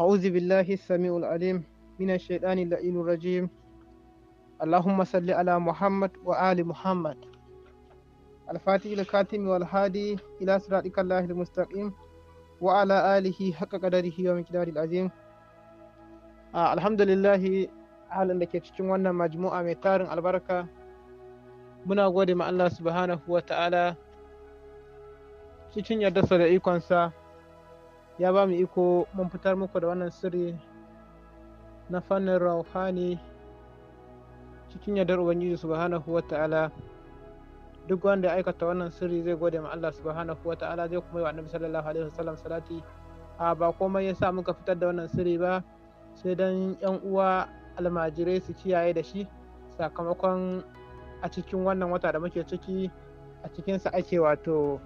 أعوذ بالله السميع العليم من الشيطان اللعين الرجيم اللهم صل على محمد وآل محمد الفاتح الكاتم والهادي إلى صراطك الله المستقيم وعلى آله حق قدره ومقدار العظيم آه الحمد لله halin da ke cikin wannan majmu'a mai tarin albarka muna gode ma Allah subhanahu wa ta'ala cikin yardarsa da ikonsa ya ba mu iko mun fitar muku da wannan sirri na fannin rauhani cikin yadar ubangiji subhanahu wa ta'ala duk wanda ya aikata wannan sirri zai gode ma Allah subhanahu wa ta'ala zai kuma yi wa annabi sallallahu alaihi wasallam salati a ba komai ya sa muka fitar da wannan sirri ba sai dan yan uwa almajirai su kiyaye da shi sakamakon a cikin wannan wata da muke ciki a cikinsa ake wato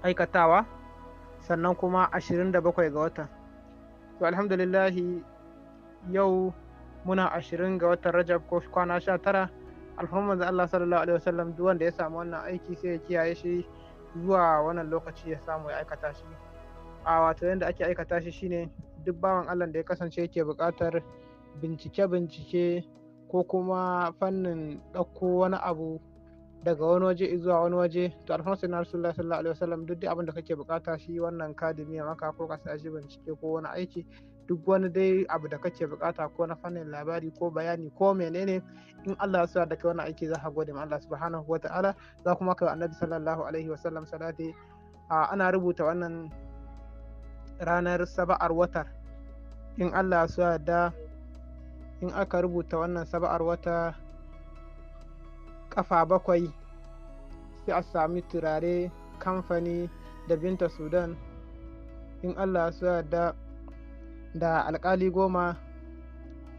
aikatawa sannan kuma 27 ga watan to alhamdulillahi yau muna 20 ga watan rajab ko kwana 19 alhamdulillah da Allah sallallahu alaihi wasallam duk wanda ya samu wannan aiki sai ya kiyaye shi zuwa wannan lokaci ya samu ya aikata shi a wato yadda ake aikata shi shine duk bawan Allah da ya kasance yake buƙatar bincike-bincike ko kuma fannin ɗauko wani abu daga wani waje zuwa wani waje to alfansu na rasulullah sallallahu alaihi wasallam duk dai abin da kake bukata shi wannan kadimi maka ko ka sai bincike ko wani aiki duk wani dai abu da kake bukata ko na fannin labari ko bayani ko menene in Allah ya sa da kai wannan aiki za ka gode ma Allah subhanahu wataala za kuma kai annabi sallallahu alaihi wasallam salati ana rubuta wannan ranar saba'ar watar in Allah ya sa da in aka rubuta wannan saba'ar wata ƙafa bakwai sai a sami turare kamfani da binta sudan in allah su yarda da alkali goma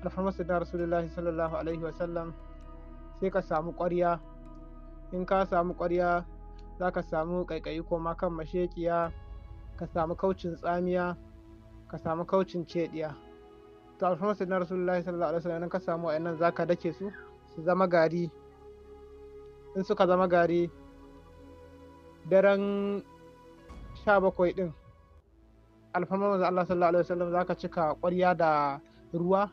alfarmasu da rasulullahi sallallahu alaihi wasallam sai ka samu ƙwarya in ka samu ƙwarya za ka samu ƙaiƙayi koma kan mashekiya ka samu kaucin tsamiya ka samu kaucin cediya to alfarmasu da rasulullahi sallallahu alaihi wasallam ka samu wa'annan za ka dake su su zama gari in suka zama gari daren sha bakwai ɗin alfarmar manzo Allah sallallahu alaihi wasallam zaka cika ƙwarya da ruwa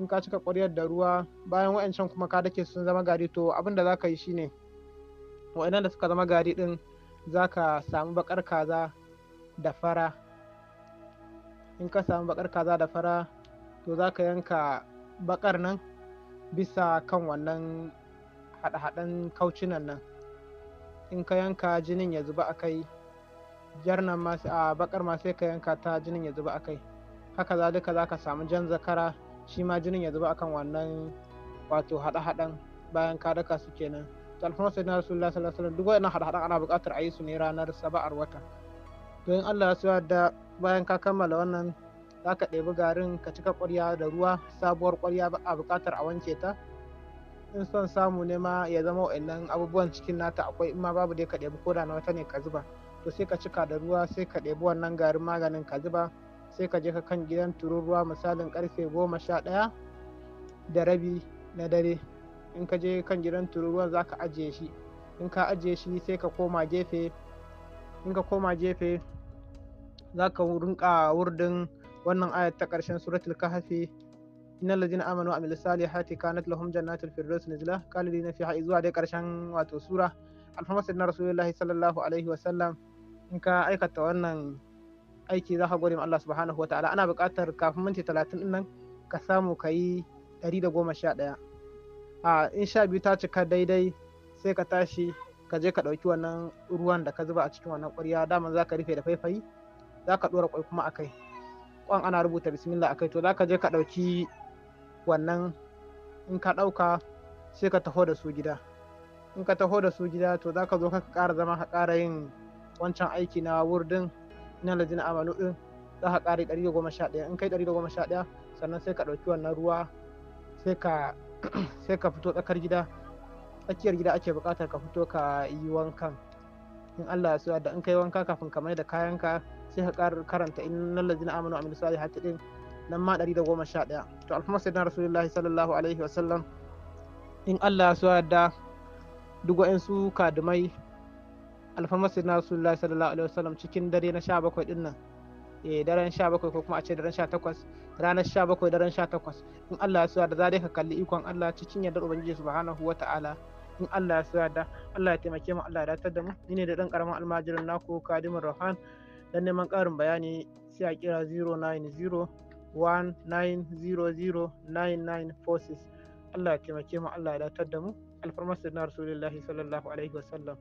in ka cika ƙwaryar da ruwa bayan wa'ancan kuma ka dake sun zama gari to abin da zaka yi shine wa'annan da suka zama gari ɗin zaka samu bakar kaza da fara in ka samu bakar kaza da fara to zaka yanka bakar nan bisa kan wannan haɗe-haɗen kaucinan nan in ka yanka jinin ya zuba a kai jarnan ma a bakar ma sai ka yanka ta jinin ya zuba a kai haka za duka za ka samu jan zakara shi ma jinin ya zuba akan wannan wato haɗe-haɗen bayan ka daka su kenan to alfanu sai na rasulullah sallallahu alaihi duk wannan haɗe-haɗen ana buƙatar a yi su ne ranar saba'ar wata don Allah ya da bayan ka kammala wannan za ka ɗebi garin ka cika ƙwarya da ruwa sabuwar ƙwarya a buƙatar a wanke ta in son samu ne ma ya zama wa'annan abubuwan cikin nata akwai in ma babu dai ka ɗebi koda na wata ne ka zuba to sai ka cika da ruwa sai ka ɗebi wannan garin maganin ka zuba sai ka je ka kan gidan tururuwa misalin karfe goma sha ɗaya da rabi na dare in ka je kan gidan ruwan za ka ajiye shi in ka ajiye shi sai ka koma gefe in ka koma gefe za ka rinka wurdin wannan ayat ta ƙarshen suratul kahfi إن الذين آمنوا وعملوا الصالحات كانت لهم جنات الفردوس نزلا خالدين فيها إذ وعد قرشان واتو سورة الفما سيدنا رسول الله صلى الله عليه وسلم in ka aikata wannan aiki za ka gode ma Allah subhanahu wa ta'ala ana buƙatar kafin minti talatin din ka samu ka yi ɗari da goma sha ɗaya a in sha biyu ta cika daidai sai ka tashi ka je ka ɗauki wannan ruwan da ka zuba a cikin wannan ƙwarya daman za ka rufe da faifayi za ka ɗora ƙwai kuma a kai ƙwan ana rubuta bismillah a kai to za ka je ka ɗauki wannan in ka ɗauka sai ka taho da su gida in ka taho da su gida to za ka zo ka ƙara zama ka ƙara yin wancan aiki na wurdin na lajina amalu ɗin za ka ƙara ɗari da goma sha ɗaya in kai ɗari da goma sha ɗaya sannan sai ka ɗauki wannan ruwa sai ka sai ka fito tsakar gida tsakiyar gida ake buƙatar ka fito ka yi wankan in Allah ya suwa da in kai wanka kafin ka mai da kayanka sai ka karanta in innal ladzina amanu wa amilus salihati din nan ma ɗaya. to alfama sayyidina rasulullahi sallallahu alaihi wasallam in Allah su yarda duk su kadumai alfama sayyidina rasulullahi sallallahu alaihi wasallam cikin dare na bakwai ɗin nan eh daren sha bakwai ko kuma a ce daren sha takwas. ranar sha bakwai daren sha takwas. in Allah su yarda za dai ka kalli ikon Allah cikin yardar ubangiji subhanahu wata'ala in Allah ya sa da Allah ya taimake mu Allah ya datar da mu ni ne da dan karamin almajirin naku Kadimur Rohan dan neman karin bayani sai a kira 090 1900 9946 Allah ya taimake mu Allah ya datar da mu alfarmar na rasulullahi sallallahu alaihi